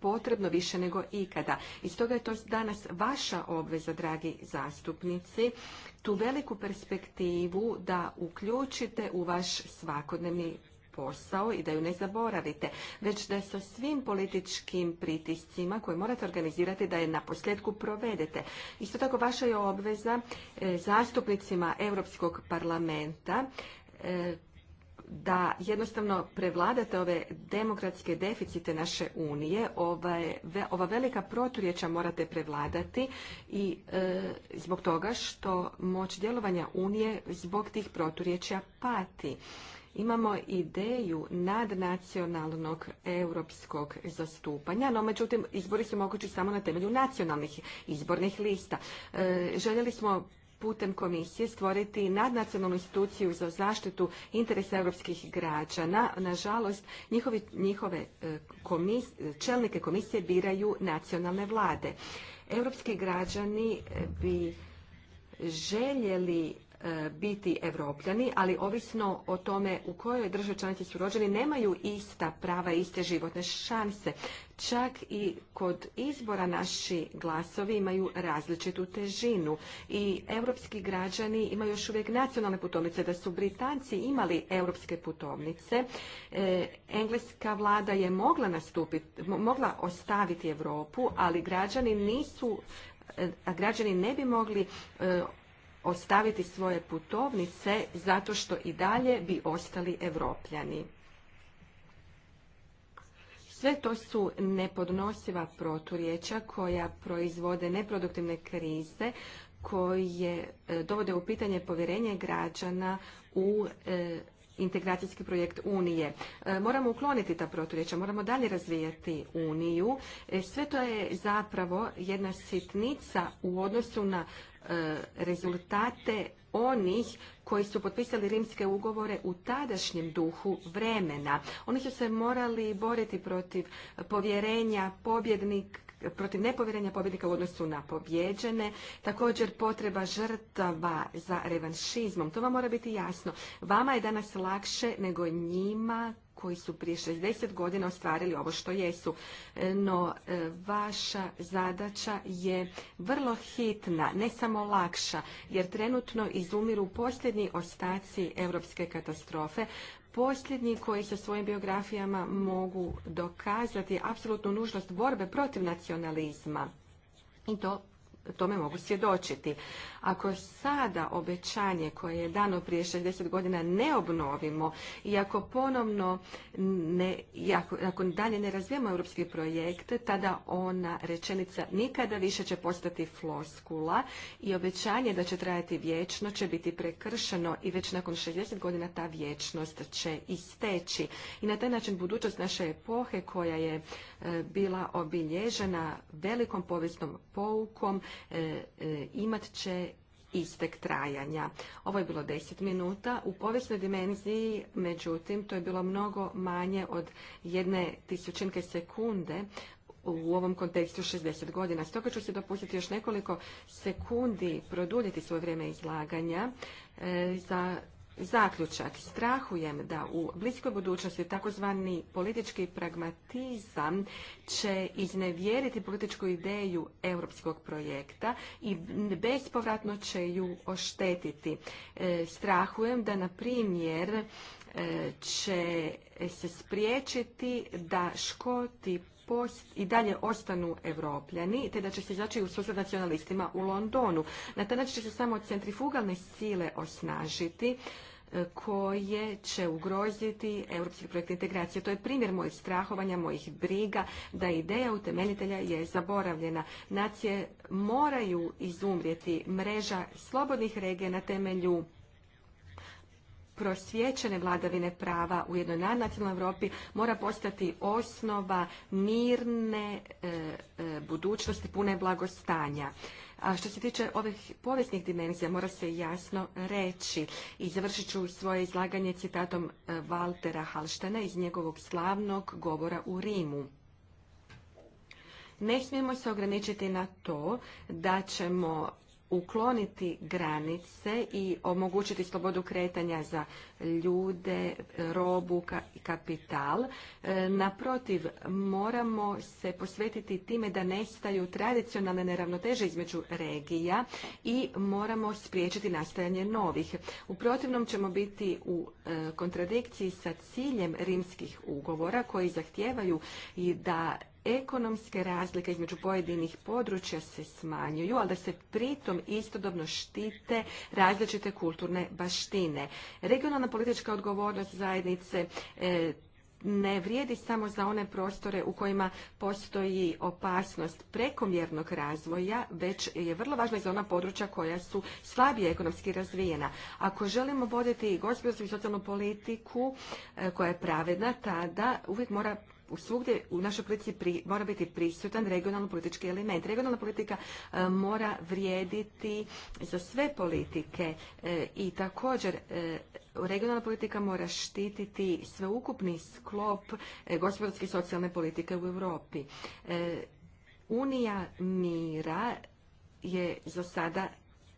potrebno više nego ikada. I stoga je to danas vaša obveza, dragi zastupnici, tu veliku perspektivu da uključite u vaš svakodnevni posao i da ju ne zaboravite, već da sa svim političkim pritiscima koje morate organizirati da je na posljedku provedete. Isto tako vaša je obveza e, zastupnicima Europskog parlamenta e, da jednostavno prevladate ove demokratske deficite naše unije, ova velika proturječa morate prevladati i e, zbog toga što moć djelovanja unije zbog tih proturječja pati. Imamo ideju nadnacionalnog europskog zastupanja, no međutim izbori su mogući samo na temelju nacionalnih izbornih lista. E, željeli smo putem komisije stvoriti nadnacionalnu instituciju za zaštitu interesa europskih građana. Nažalost, njihove e, čelnike komisije biraju nacionalne vlade. Europski građani e, bi željeli E, biti evropljani, ali ovisno o tome u kojoj državi članici su rođeni, nemaju ista prava, iste životne šanse. Čak i kod izbora naši glasovi imaju različitu težinu i europski građani imaju još uvijek nacionalne putovnice. Da su Britanci imali europske putovnice, e, engleska vlada je mogla nastupiti, mogla ostaviti Europu, ali građani nisu e, a građani ne bi mogli ostaviti svoje putovnice zato što i dalje bi ostali evropljani. Sve to su nepodnosiva proturječa koja proizvode neproduktivne krize koje e, dovode u pitanje povjerenje građana u e, integracijski projekt Unije. E, moramo ukloniti ta proturječa, moramo dalje razvijati Uniju. Sve to je zapravo jedna sitnica u odnosu na E, rezultate onih koji su potpisali rimske ugovore u tadašnjem duhu vremena. Oni su se morali boriti protiv povjerenja pobjednik protiv nepovjerenja pobjednika u odnosu na pobjeđene, također potreba žrtava za revanšizmom. To vam mora biti jasno. Vama je danas lakše nego njima koji su prije 60 godina ostvarili ovo što jesu. E, no, e, vaša zadaća je vrlo hitna, ne samo lakša, jer trenutno izumiru posljednji ostaci europske katastrofe, posljednji koji sa svojim biografijama mogu dokazati apsolutnu nužnost borbe protiv nacionalizma. I to tome mogu svjedočiti. Ako sada obećanje koje je dano prije 60 godina ne obnovimo i ako ponovno ne, ako, ako dalje ne razvijemo europski projekt, tada ona rečenica nikada više će postati floskula i obećanje da će trajati vječno će biti prekršeno i već nakon 60 godina ta vječnost će isteći. I na taj način budućnost naše epohe koja je E, bila obilježena velikom povijesnom poukom e, e, imat će istek trajanja. Ovo je bilo 10 minuta. U povijesnoj dimenziji, međutim, to je bilo mnogo manje od jedne tisućinke sekunde u ovom kontekstu 60 godina. Stoga ću se dopustiti još nekoliko sekundi produljiti svoje vrijeme izlaganja za Zaključak. Strahujem da u bliskoj budućnosti takozvani politički pragmatizam će iznevjeriti političku ideju europskog projekta i bespovratno će ju oštetiti. E, strahujem da, na primjer, e, će se spriječiti da Škoti post, i dalje ostanu evropljani, te da će se izaći u sustav nacionalistima u Londonu. Na taj način će se samo centrifugalne sile osnažiti e, koje će ugroziti europski projekt integracije. To je primjer mojih strahovanja, mojih briga, da ideja utemeljitelja je zaboravljena. Nacije moraju izumrijeti mreža slobodnih regija na temelju prosvjećene vladavine prava u jednoj nadnacionalnoj Europi mora postati osnova mirne e, e, budućnosti pune blagostanja. A što se tiče ovih povijesnih dimenzija, mora se jasno reći. I završit ću svoje izlaganje citatom Valtera e, Halštana iz njegovog slavnog govora u Rimu. Ne smijemo se ograničiti na to da ćemo ukloniti granice i omogućiti slobodu kretanja za ljude, robu i kapital. E, naprotiv, moramo se posvetiti time da nestaju tradicionalne neravnoteže između regija i moramo spriječiti nastajanje novih. U protivnom ćemo biti u e, kontradikciji sa ciljem rimskih ugovora koji zahtijevaju i da ekonomske razlike između pojedinih područja se smanjuju, ali da se pritom istodobno štite različite kulturne baštine. Regionalna politička odgovornost zajednice e, ne vrijedi samo za one prostore u kojima postoji opasnost prekomjernog razvoja, već je vrlo važna i za ona područja koja su slabije ekonomski razvijena. Ako želimo voditi gospodarsku i socijalnu politiku e, koja je pravedna, tada uvijek mora svugdje u našoj politici mora biti prisutan regionalno politički element. Regionalna politika e, mora vrijediti za sve politike e, i također e, regionalna politika mora štititi sveukupni sklop gospodarske i socijalne politike u Europi. Unija mira je za sada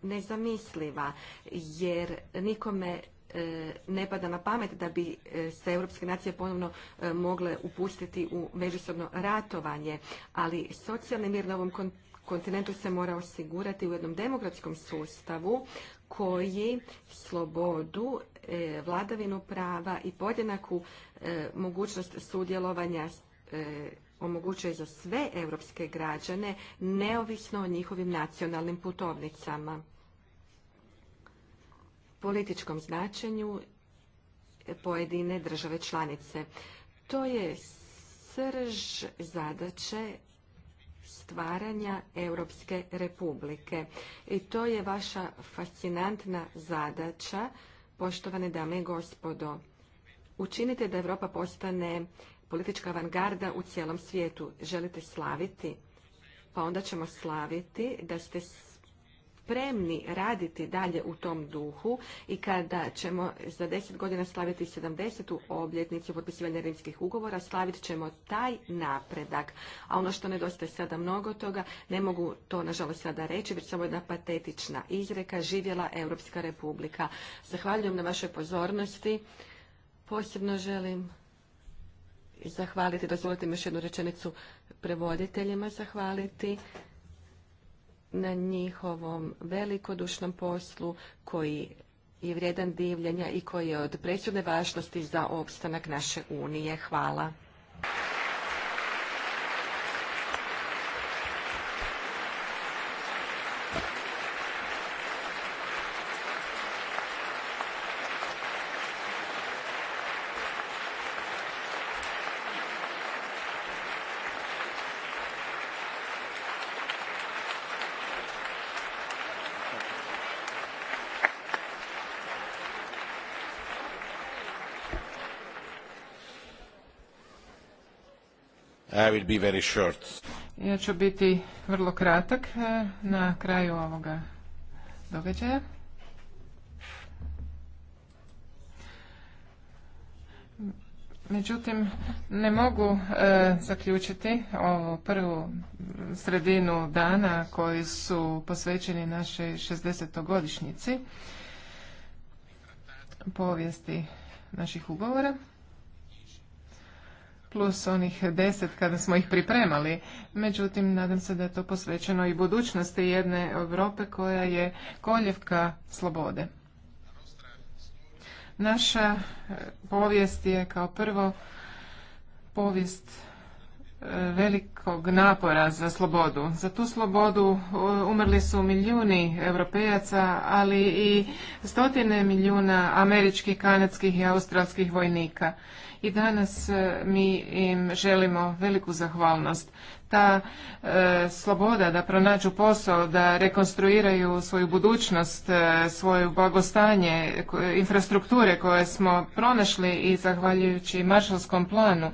nezamisliva jer nikome E, ne pada na pamet da bi e, se europske nacije ponovno e, mogle upustiti u međusobno ratovanje, ali socijalni mir na ovom kontinentu se mora osigurati u jednom demokratskom sustavu koji slobodu, vladavinu prava i podjednaku mogućnost sudjelovanja omogućuje za sve europske građane neovisno o njihovim nacionalnim putovnicama političkom značenju pojedine države članice. To je srž zadaće stvaranja Europske republike. I to je vaša fascinantna zadaća, poštovane dame i gospodo. Učinite da Europa postane politička avangarda u cijelom svijetu. Želite slaviti? Pa onda ćemo slaviti da ste spremni raditi dalje u tom duhu i kada ćemo za deset godina slaviti 70. obljetnicu potpisivanja rimskih ugovora, slavit ćemo taj napredak. A ono što nedostaje sada mnogo toga, ne mogu to nažalost sada reći, već samo jedna patetična izreka, živjela Europska republika. Zahvaljujem na vašoj pozornosti. Posebno želim zahvaliti, dozvolite mi još jednu rečenicu prevoditeljima zahvaliti na njihovom velikodušnom poslu koji je vrijedan divljenja i koji je od presudne važnosti za opstanak naše Unije. Hvala. I Ja ću biti vrlo kratak e, na kraju ovoga događaja. Međutim, ne mogu e, zaključiti ovu prvu sredinu dana koji su posvećeni našoj 60-godišnjici povijesti naših ugovora plus onih deset kada smo ih pripremali. Međutim, nadam se da je to posvećeno i budućnosti jedne Europe koja je koljevka slobode. Naša eh, povijest je kao prvo povijest velikog napora za slobodu. Za tu slobodu e, umrli su milijuni europejaca, ali i stotine milijuna američkih, kanadskih i australskih vojnika. I danas e, mi im želimo veliku zahvalnost. Ta e, sloboda da pronađu posao, da rekonstruiraju svoju budućnost, e, svoje blagostanje, infrastrukture koje smo pronašli i zahvaljujući maršalskom planu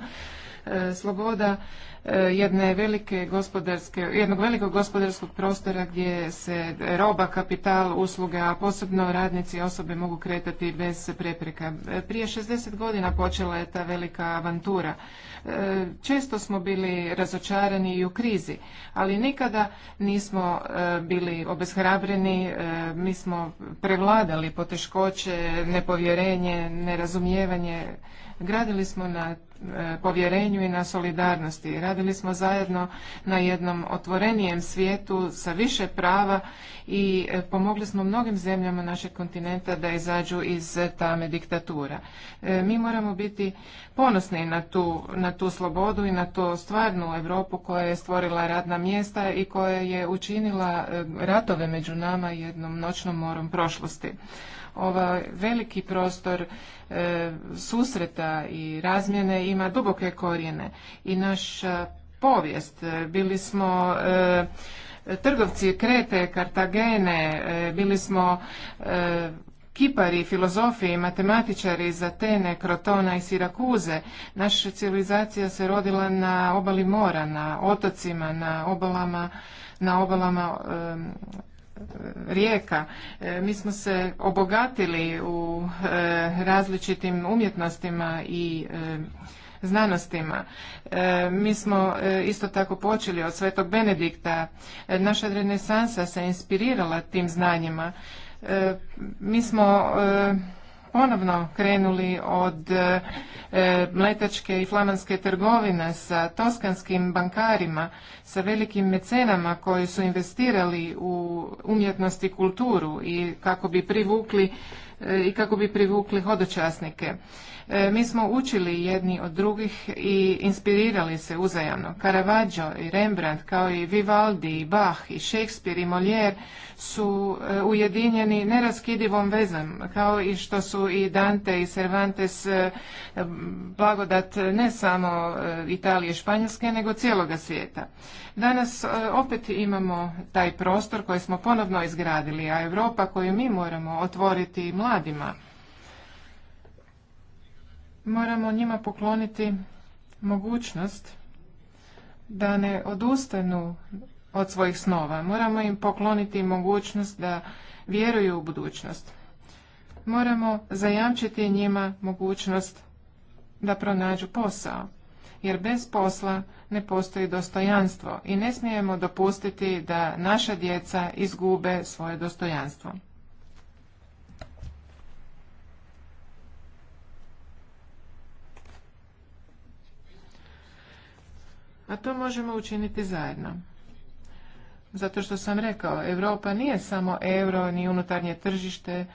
E, sloboda e, jedne velike gospodarske, jednog velikog gospodarskog prostora gdje se roba, kapital, usluge, a posebno radnici i osobe mogu kretati bez prepreka. E, prije 60 godina počela je ta velika avantura. Često smo bili razočarani i u krizi, ali nikada nismo bili obeshrabreni, mi smo prevladali poteškoće, nepovjerenje, nerazumijevanje. Gradili smo na povjerenju i na solidarnosti. Radili smo zajedno na jednom otvorenijem svijetu sa više prava i e, pomogli smo mnogim zemljama našeg kontinenta da izađu iz tame diktatura. E, mi moramo biti ponosni na tu, na tu slobodu i na tu stvarnu Europu koja je stvorila radna mjesta i koja je učinila e, ratove među nama jednom noćnom morom prošlosti ovaj veliki prostor e, susreta i razmjene ima duboke korijene i naša povijest e, bili smo e, trgovci krete kartagene bili smo kipari, filozofi i matematičari iz Atene, Krotona i Sirakuze. Naša civilizacija se rodila na obali mora, na otocima, na obalama, na obalama rijeka. E, mi smo se obogatili u e, različitim umjetnostima i e, znanostima. Mi smo isto tako počeli od Svetog Benedikta. Naša renesansa se inspirirala tim znanjima. Mi smo ponovno krenuli od e, e, mletačke i flamanske trgovine sa toskanskim bankarima, sa velikim mecenama koji su investirali u umjetnost i kulturu i kako bi privukli e, i kako bi privukli hodočasnike. E, mi smo učili jedni od drugih i inspirirali se uzajamno. Caravaggio i Rembrandt kao i Vivaldi i Bach i Shakespeare i Molière su e, ujedinjeni neraskidivom vezom kao i što su i Dante i Cervantes e, blagodat ne samo Italije i Španjolske nego cijeloga svijeta. Danas opet imamo taj prostor koji smo ponovno izgradili, a Europa koju mi moramo otvoriti mladima moramo njima pokloniti mogućnost da ne odustanu od svojih snova. Moramo im pokloniti mogućnost da vjeruju u budućnost. Moramo zajamčiti njima mogućnost da pronađu posao, jer bez posla ne postoji dostojanstvo i ne smijemo dopustiti da naša djeca izgube svoje dostojanstvo. A to možemo učiniti zajedno. Zato što sam rekao, Europa nije samo euro ni unutarnje tržište,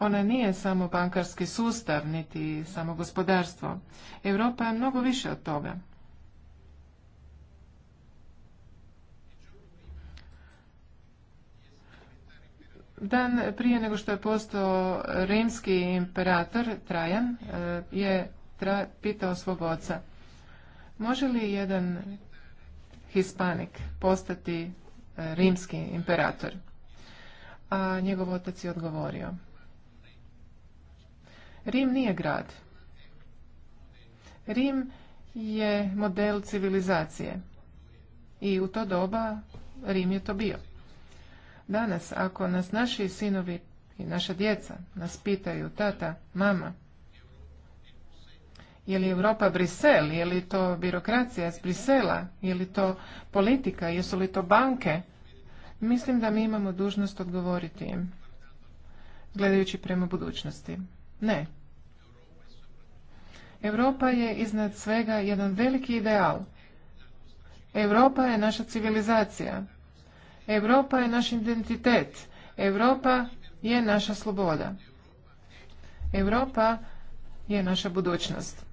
ona nije samo bankarski sustav, niti samo gospodarstvo. Europa je mnogo više od toga. Dan prije nego što je postao rimski imperator Trajan eh, je pitao svog oca Može li jedan Hispanik postati e, rimski imperator? A njegov otac je odgovorio. Rim nije grad. Rim je model civilizacije. I u to doba Rim je to bio. Danas, ako nas naši sinovi i naša djeca nas pitaju, tata, mama, je li Europa Brisel? Je li to birokracija iz Brisela? Je li to politika? Jesu li to banke? Mislim da mi imamo dužnost odgovoriti im, gledajući prema budućnosti. Ne. Europa je iznad svega jedan veliki ideal. Europa je naša civilizacija. Europa je naš identitet. Europa je naša sloboda. Europa je naša budućnost.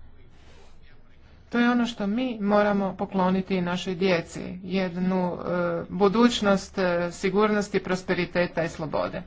To je ono što mi moramo pokloniti našoj djeci, jednu e, budućnost e, sigurnosti, prosperiteta i slobode.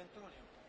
Antonio.